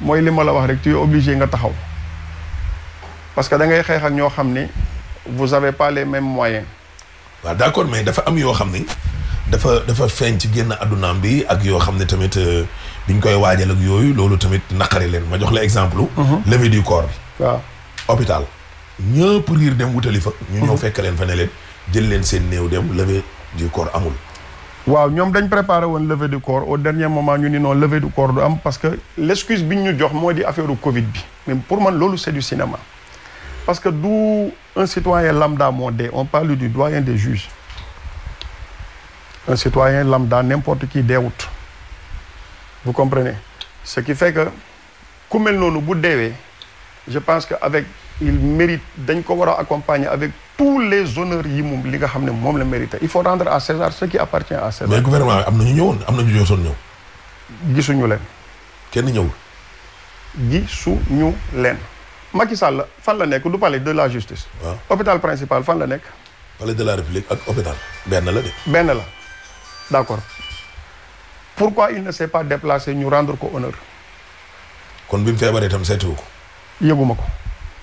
mooy li ma la wax rek tu es nga taxaw parce que da ngay xeex ñoo xam ni vous avez pas même mêmes waa waaw d' accord mais dafa am yoo xam ni dafa dafa feeñ ci génn addunaam bi ak yoo xam ne tamit euh, biñ koy waajal ak yooyu loolu tamit naqari leen ma jox la exemple. Mhm. levée du corps bi. waaw hôpital. ñëpp riir dem wutali fa. ñu ñëw mhm. fekk leen fa ne leen jël leen seen néew dem levée du corps amul. waaw ñoom dañ préparé woon levée du corps au dernier moment ñu ni non levée du corps du am parce que l' excuse bi ñu jox moo di affaire u Covid bi mais pour man loolu c' est du cinéma parce que du un citoyen lambda moo dee on parle du doyen des juges un citoyen lambda n'importe qui deewut vous comprenez ce qui fait que ku mel noonu bu deewee je pense que avec il mérite dañ ko war a accompagner avec tous les honneurs yi mu li nga xam ne moom la mérité il faut rendre à César ce qui appartient à César. mais gouvernement am na ñu ñëwoon am na ñu josoon ñëw. gisuñu leen. kenn ñëwul. gisuñu leen. Macky Sall fan la nekk du palais de la justice. waaw ah. hôpital principal fan la nekk. palais de la république ak hôpital benn la de. benn la d' accord pourquoi il ne s' est pas déplacé ñu rendre ko honneur. kon bi mu feebaree itam seetiwu ko. yëguma ko.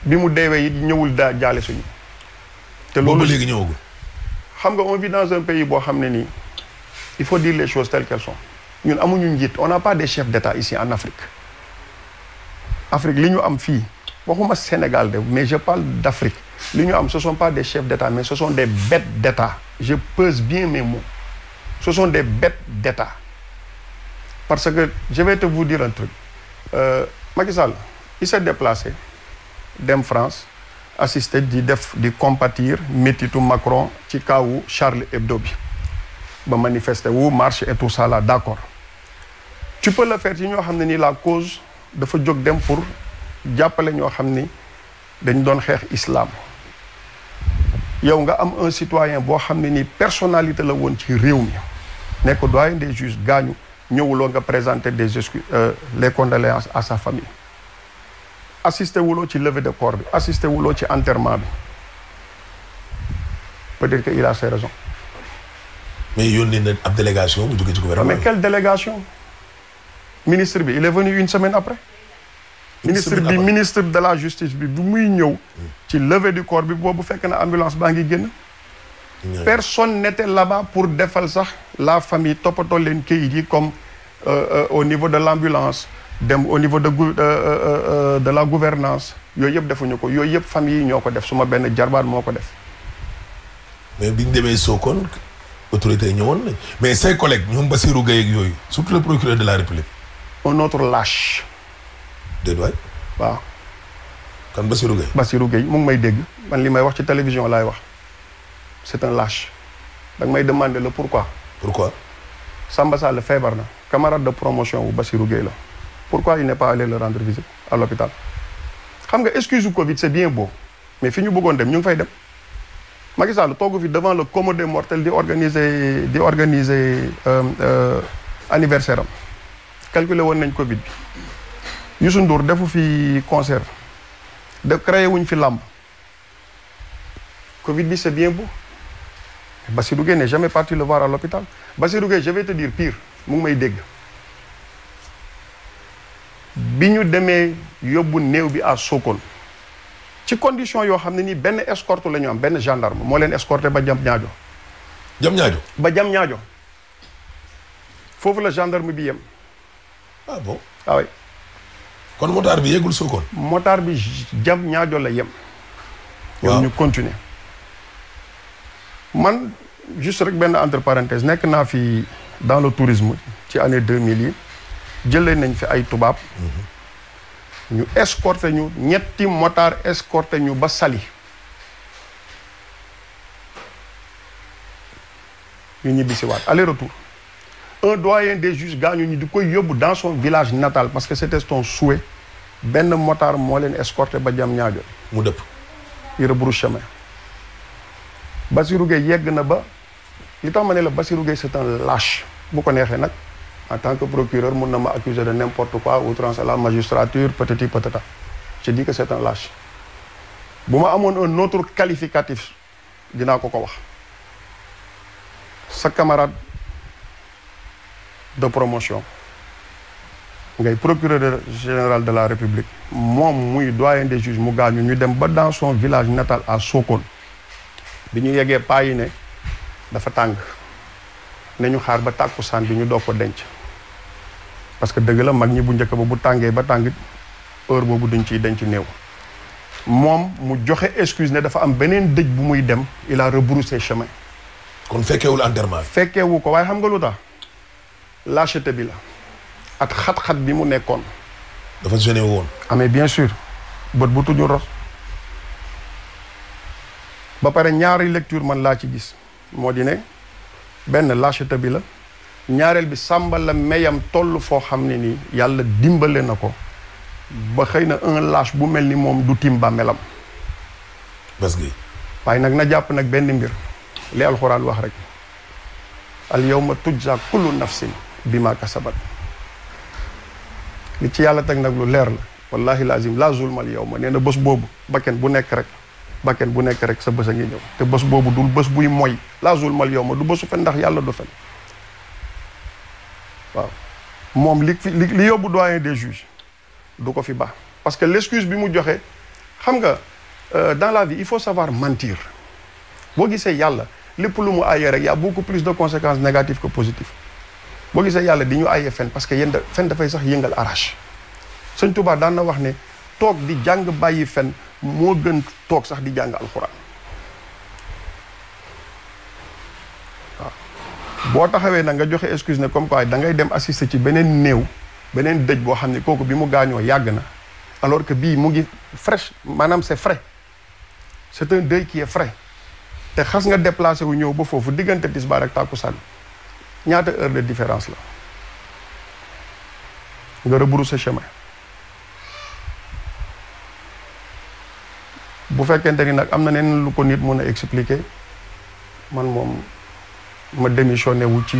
bi mu deewee it ñëwul daa jaale suñu. te loolu léegi ñëwagul. xam nga on vit dans un pays boo xam ne nii il faut dire les choses telles qu'elles sont ñun amuñu njiit on n'a pas des chefs d'État ici en Afrique. Afrique li ñu am fii waxuma Sénégal de mais je parle d'Afrique li ñu am ce sont pas des chefs d'État mais ce sont des bêtes d'État je pèse bien mes mots ce sont des bêtes d'État parce que je vais te vous dire un truc euh, il s'est déplacé. dem France assisté di def di compatir métitu Macron ci kawu Charlie Hebdo bi ba manifester wu marché et tout ça là d'accord tu peux le faire ci ñoo xam ne ni la cause dafa jóg dem pour jàppale ñoo xam ni dañ doon xeex islam yow nga am un citoyen boo xam ne ni personnalité la woon ci réew mi nekk doyen des juges gaañu ñëwuloo nga présenter des excuses euh, les condoléances à sa famille assisté wuloo ci levée de corps bi assisté wuloo ci enterrement bi peut-être que il a ses raisons. mais yónni na ab délégation bu jógee ci gouvernement mais quelle délégation. ministre bi il est venu une semaine après. ministre bi ministre de la justice bi bu muy ñëw. ci levée du corps bi boobu fekk na ambulance baa ngi génn. personne n'était là-bas pour defal sax la famille toppatoo leen kayit yi comme euh, euh, au niveau de l'ambulance dem au niveau de euh, euh, euh, de la gouvernance yooyu yëpp defuñu ko yooyu yëpp famille yi ñoo ko def suma benn jarbaat moo ko def. mais biñ demee Sokone autorité yi ñëwoon nañ mais say collègues ñoom Bassirou Gueye ak yooyu surtout le procureur de la République. un autre lâche. déedéet waay. waaw. kan Bassirou Gueye. Bassirou Gueye mu may dégg man li may wax ci télévision laay wax c'est un lâche da may demander le pourquoi. pourquoi. Samba Sall feebar na camarade de promotion wu Bassirou Gueye la. pourquoi il n'est pas allé le rendre visite à l'hôpital xam nga excuse Covid c'est bien beau mais fi ñu bëggoon dem ñu ngi fay dem Macky Sall toogu fi devant le commode mortel di organiser di organiser euh, euh, anniversaire am calculé woon nañ Covid bi Youssou Ndour defu fi concert de créé wuñ fi làmb Covid bi c'est bien beau Bassirou Gueye n'est jamais parti le voir à l'hôpital Bassirou Gueye je te dire pire mu ngi may dégg bi ñu demee yóbbu néew bi à Sokone ci condition yoo xam ne nii benn escorte lañu am benn gendarme moo leen escorté ba jam ñaajo jam ñaajo ba jam ñaajo foofu la gendarme bi yem ah bon ah oui kon motard bi yeggul Sokone motard bi jam ñaajo la yem waaw ñu continuer man juste rek benn entre parenthèse nekk naa fi dans le tourisme ci année 2000 yi jëlee nañ fi ay tubaab mhm. ñu escorté ñu ñetti motard escorté ñu ba Saly ñu ñibbisi waat aller retour un doyen des juges gaañu ñu di koy yóbbu dans son village natal parce que c'était son souhait benn motard moo leen escorté ba jam ñaajo mu dëpp il rebrousse chemin Bassirou Gueye yegg na ba li tax ma ne la Bassirou Gueye c'est un lâche bu ko neexee nag en tant que procureur mun na ma accuser de n'importe quoi outrance à la magistrature patati patata je dis que c'est un lâche bu ma amoon un autre qualificatif dinaa ko ko wax sa camarade de promotion ngay procureur général de la république moom muy doyen des juges mu gaañu ñu dem ba dans son village natal à Sokone bi ñu yeggee paa yi ne dafa tàng nañu xaar ba tàkkusaan bi ñu doog ko denc parce que dëgg la mag ñi bu njëkk ba bu tàngee ba tàng heure boobu duñ ciy denc néew moom mu joxe excuse ne dafa am beneen dëj bu muy dem il a rebroussé chemin. kon fekkeewul enterrement fekkeewu ko waaye xam nga lu tax lâcheté bi la ak xat-xat bi mu nekkoon. dafa gêné woon. amee ah, bien sûr bët bu tuñu ros ba pare ñaari lecture man laa ci gis moo di ne benn lâcheté bi la. ñaareel bi Samba la meyam toll foo xam ne nii yàlla dimbale na ko ba xëy na un lâche bu mel ni moom du tim bàmmelam parce que waaye nag na jàpp nag benn mbir li alxuraan wax rek al yawma tujza kullu nafsin bima kasabat li ci yàlla teg nag lu leer la wallahi lazim la zulmal yawma nee na bés boobu bakken bu nekk rek bakken bu nekk rek sa bés a ngi ñëw te bés boobu dul bés buy moy la zulmal yawma du bésu fen ndax yàlla du fen waaw moom li fi li yóbbu doyen des juges du ko fi baax parce que l'excuse bi mu joxe xam nga euh, dans la vie il faut savoir mentir boo gisee yàlla lépp lu mu ayee rek y a beaucoup plus de conséquence négatives que positives boo gisee yàlla di ñu ayee fen parce que yéen da fen dafay sax yëngal arrache sëñ Tuubaa daan na wax ne toog di jàng bàyyi fen moo gën toog sax di jàng alxuraan. boo taxawee nag nga joxe excuse ne comme quoi da ngay dem assister ci beneen néew beneen dëj boo xam ne kooku bi mu gaañoo yàgg na alors que bii mu ngi fraîche maanaam c'est frais c'est un deuil qui est frais te xas nga déplacé wu ñëw ba foofu diggante tisbaar ak tàkkusaan ñaata heure de différence la nga rebrousser chemin bu fekkente ni nag am na neen lu ko nit mun a expliquer man moom ma démissionné wu ci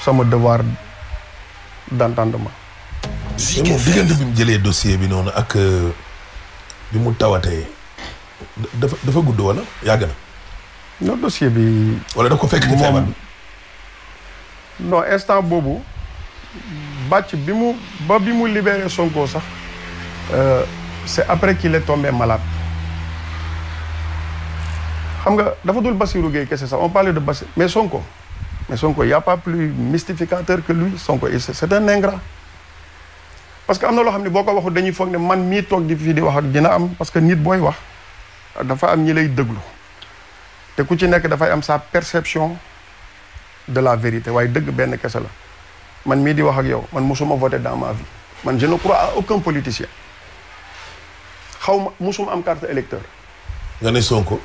sama devoir d'entendement. ma FM diggante bi mu jëlee dossier bi noonu ak euh, bi mu tawatee. dafa dafa gudd wala yàgg na. non dossier bi. wala daf ko fekk ci feebar bi non instant boobu bàcc bi mu ba bi mu libéré Sonko sax euh, c'est après qu'il est tombé malade xam nga dafa dul Bassirou Gueye kese sax on parlait de Bassirou mais Sonko. Mais Sonko, a pas plus mystificateur que lui. Sonko, c'est que am na loo xam ne boo ko waxul dañuy foog ne man mii toog di fii wax ak dina am parce que nit booy wax dafa am ñi lay déglu te ku ci nekk dafay am sa perception de la vérité waaye dëgg benn kese la man mii di wax yow man musuma voté dans ma vie man je ne crois à aucun politicien xaw musuma am carte électeur nga ne Sonko.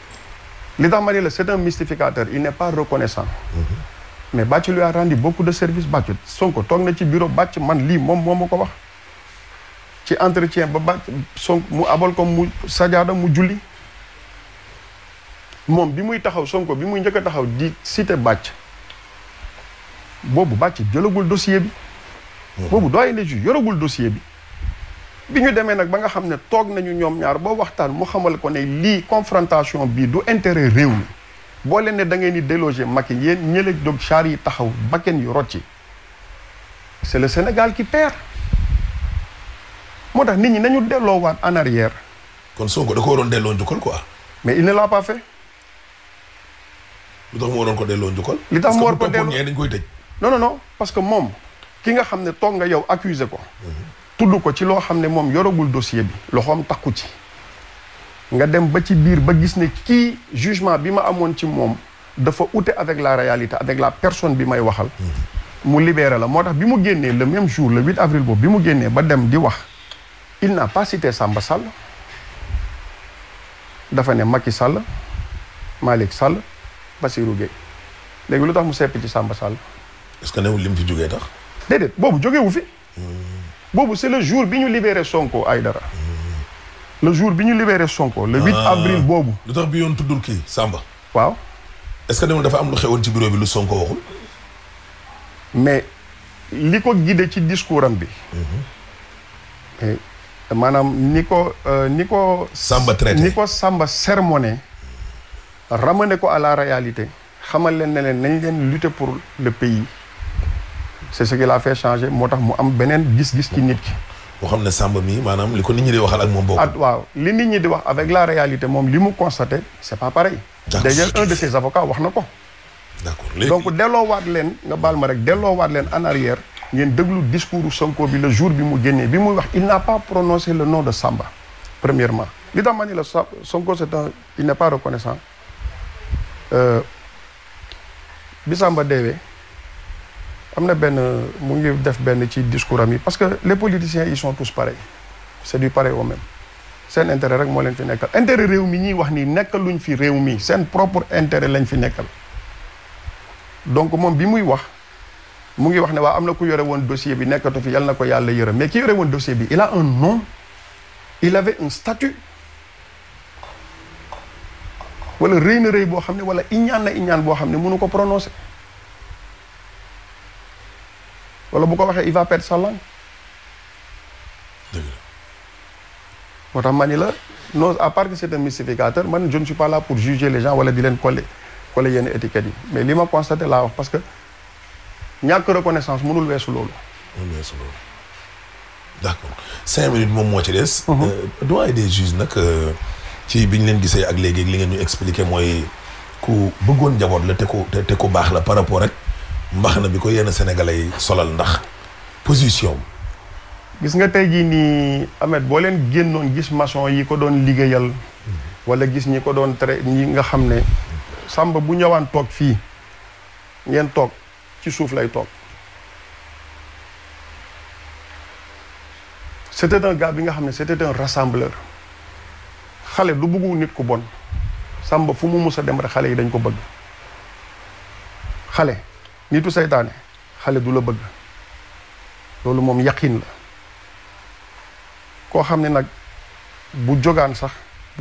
li tax ma ne la c'est un mystificateur il n'est pas reconnaissant. mm mais Bathie lui a rendu beaucoup de service Bathie Sonko toog na ci bureau bàcc man lii moom moo ma ko wax ci entretien ba Bathie Sonko mu abal ko mu sajaada mu julli moom bi muy taxaw Sonko bi muy njëkk taxaw di cité bàcc boobu bàcc jëlagul dossier bi mm-hmm. boobu doyen des juges yoragul bi bi ñu demee nag ba nga xam ne toog nañu ñoom ñaar ba waxtaan mu xamal ko ne lii confrontation bii du intérêt réew mi boo leen ne da ngeen di déloger Macky yéen ñële dog char yi taxaw bakken yu rocci c'est le Sénégal qui perd moo tax nit ñi nañu delloowaat en arrière. kon soo da ko waroon delloo njukkal quoi. mais il ne l'a pas fait. li tax mu waroon ko delloo njukkal. li tax mu war ko delloo dañ koy tëj. non non parce que moom ki nga xam ne toog nga yow accuser ko. Mhm. tudd ko ci loo xam ne moom yoragul dossier bi. loxoom takku ci. nga dem ba ci biir ba gis ne kii jugement bi ma amoon ci moom dafa ute avec la réalité avec la personne bi may waxal mm-hmm. mu libéré la moo tax bi mu génnee le même jour le 8 avril boobu bi mu génnee ba dem di wax il n'a pas cité Samba Sall dafa ne Macky Sall Malick Sall Bassirou Gueye léegi lu tax mu seppi ci Samba Sall est-ce que newul lim fi jógee tax déedéet boobu jógewu fi mm. boobu c'est le jour bi ñu libéré Sonko dara mm. le jour bi ñu libéré Sonko. le 8 ah. avril boobu. lu tax bi yoon tuddul kii Samba. waaw. est-ce que dafa am lu xewoon ci bureau bi lu Sonko waxul. mais li ko guidé ci discours am bi. Mhm. maanaam ni ko euh, ni ko. Samba ni ko Samba sermonné. ramane ko à la réalité. xamal leen ne leen nañ leen lutter pour le pays. c'est ce qui l'a fait changer moo tax mu am beneen gis-gis ci nit ki. boo xam ne Samba mi maanaam li ko nit ñi di waxal ak moom bokk. ah waaw li nit ñi di wax avec la réalité moom li mu constaté c'est pas pareil. d'ailleurs un de ses avocats wax na ko. d'accord léegi donc delloowaat leen nga baal ma rek delloowaat leen en arrière. ngeen déglu discours Sonko bi le jour bi mu génnee bi muy wax il n'a pas prononcé le nom de Samba premièrement li tax ma ni la Sonko c'est un il n'est pas reconnaissant euh, bi Samba deewee. am na benn mu ngi def benn ci discours am yi parce que les politiciens ils sont tous pareils c'est du pareil au même seen intérêt rek moo leen fi nekkal intérêt réew mi ñuy wax ni nekkaluñ fi réew mi seen propre intérêt lañ fi nekkal donc moom bi muy wax mu ngi wax ne waa am na ku yore woon dossier bi nekkatu fi yal na ko yàlla yërëm mais ki yore woon dossier bi il a un nom il un statut wala rëy na réy boo xam ne wala iñaan na iñaan boo xam ne mënu ko prononcer wala boo ko waxee il va perdre sa langue. dëgg la. moo tax ma ni la non à part que c'est un man je ne suis pas pour juger les gens wala di leen coller coller yenn étiquettes yi mais li ma constaté laa wax parce que ñàkk reconnaissance mënul weesu loolu. mënul weesu loolu d'accord cinq minutes moom moo ci des. Mhm. Euh, doyen des juges nag euh, ci bi ñu leen gisee ak léegi li ngeen ñu expliqué mooy ku bëggoon jaboot la te ko te ko baax la par rapport rek. mbax na bi ko yenn sénégalais yi solal ndax position gis nga tey jii nii Ahmed boo leen génnoon gis maçon yi ko doon liggéeyal wala gis ñi ko doon tere ñi nga xam ne sàmba bu ñëwaan toog fii ngeen toog ci suuf lay toog c'était un gars bi nga xam ne c'était un rassembleur xale du bëggu nit ku bon sàmba fu mu mus a dem rek xale yi dañ ko bëgg xale nitu seytaane xale du la bëgg loolu moom yaqin la koo xam ne nag bu jogaan sax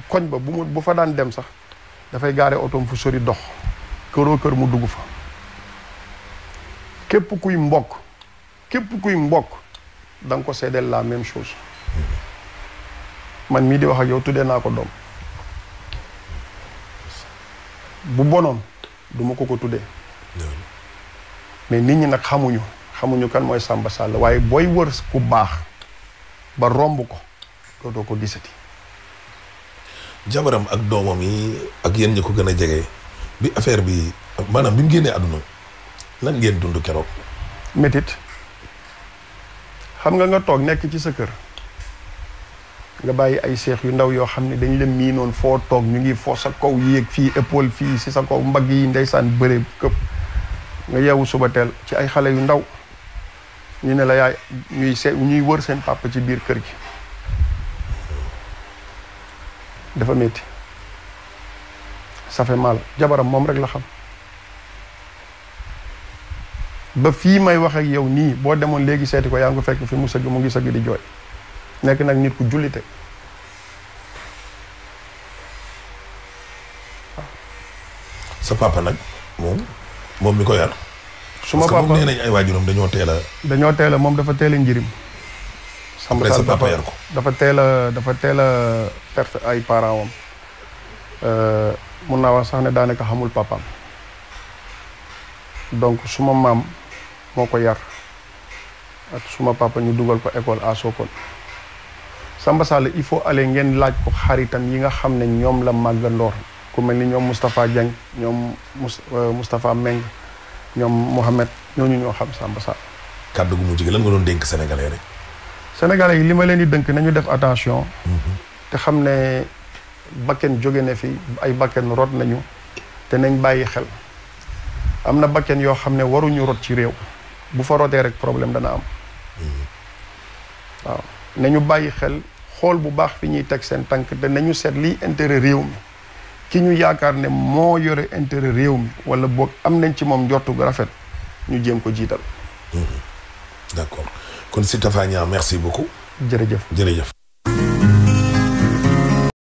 koñ ba bu mu bu fa daan dem sax dafay gaare otoom fu sori dox këroo kër mu dugg fa képp kuy mbokk képp kuy mbokk da ko seddeel la même chose man mii di wax ak yow tuddee naa ko doom bu bonoon duma ko ko tudde mais nit ñi nag xamuñu xamuñu kan mooy sàmba Sall waaye booy wër ku baax ba romb ko doo ko gisati. jabaram ak doomam yi ak yenn ñi ko gën a jege bi affaire bi maanaam bi mu génnee àdduna lan ngeen dund keroog. métit xam nga nga toog nekk ci sa kër nga bàyyi ay seex yu ndaw yoo xam ne dañ la miinoon foo toog ñu ngi foo sa kow yéeg fii épaule fii si sa kaw mbag yi ndeysaan bëre këpp. nga yeewu suba teel ci ay xale yu ndaw ñu ne la yaay ñuy se ñuy wër seen papa ci biir kër gi dafa metti ça fait mal jabaram moom rek la xam ba fii may wax ak yow nii boo demoon léegi seeti ko yaa ngi ko fekk fi mu sëgg mu ngi sëgg di jooy nekk nag nit ku jullite sa papa nag moom moom mi ko yar. suma papa parce que moom nee nañ ay waajuram dañoo teela dañoo teel a moom dafa teel a njëriñ. après sa ko dafa teel a dafa teel a perte ay parents am euh, mun naa wax sax ne daanaka xamul papaam donc suma maam moo ko yar ak suma papa ñu dugal ko école à Sokone Samba Sall il faut aller ngeen laaj ko xaritam yi nga xam ne ñoom la màggandoor ku mel ni ñoom Moustapha Dieng ñoom euh, Moustapha Meng ñoom Mouhamed ñooñu ñoo xam Samba Sall. kàddu gu mujj gi lan nga doon dénk sénégalais rek. sénégalais yi li ma leen di dënk nañu def attention. Mm-hmm. te xam ne bakken jóge na fi ay bakken rot nañu te nañ bàyyi xel am na bakken yoo xam ne waruñu rot ci réew bu fa rotee rek problème dana am. Mm-hmm. waaw nañu bàyyi xel xool bu baax fi ñuy teg seen tank te nañu seet liy intérêt réew mi. ki ñu yaakaar ne moo yore intérêt réew mi wala boog am nañ ci moom njortu rafet ñu jéem ko jiital. Mhm. d'accord kon Siteu Fagna merci beaucoup. jërëjëf jërëjëf.